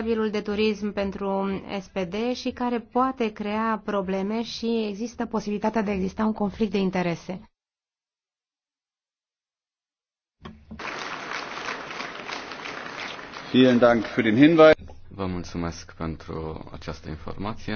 responsabilul de turism pentru SPD și care poate crea probleme și există posibilitatea de a exista un conflict de interese. Vă mulțumesc pentru această informație.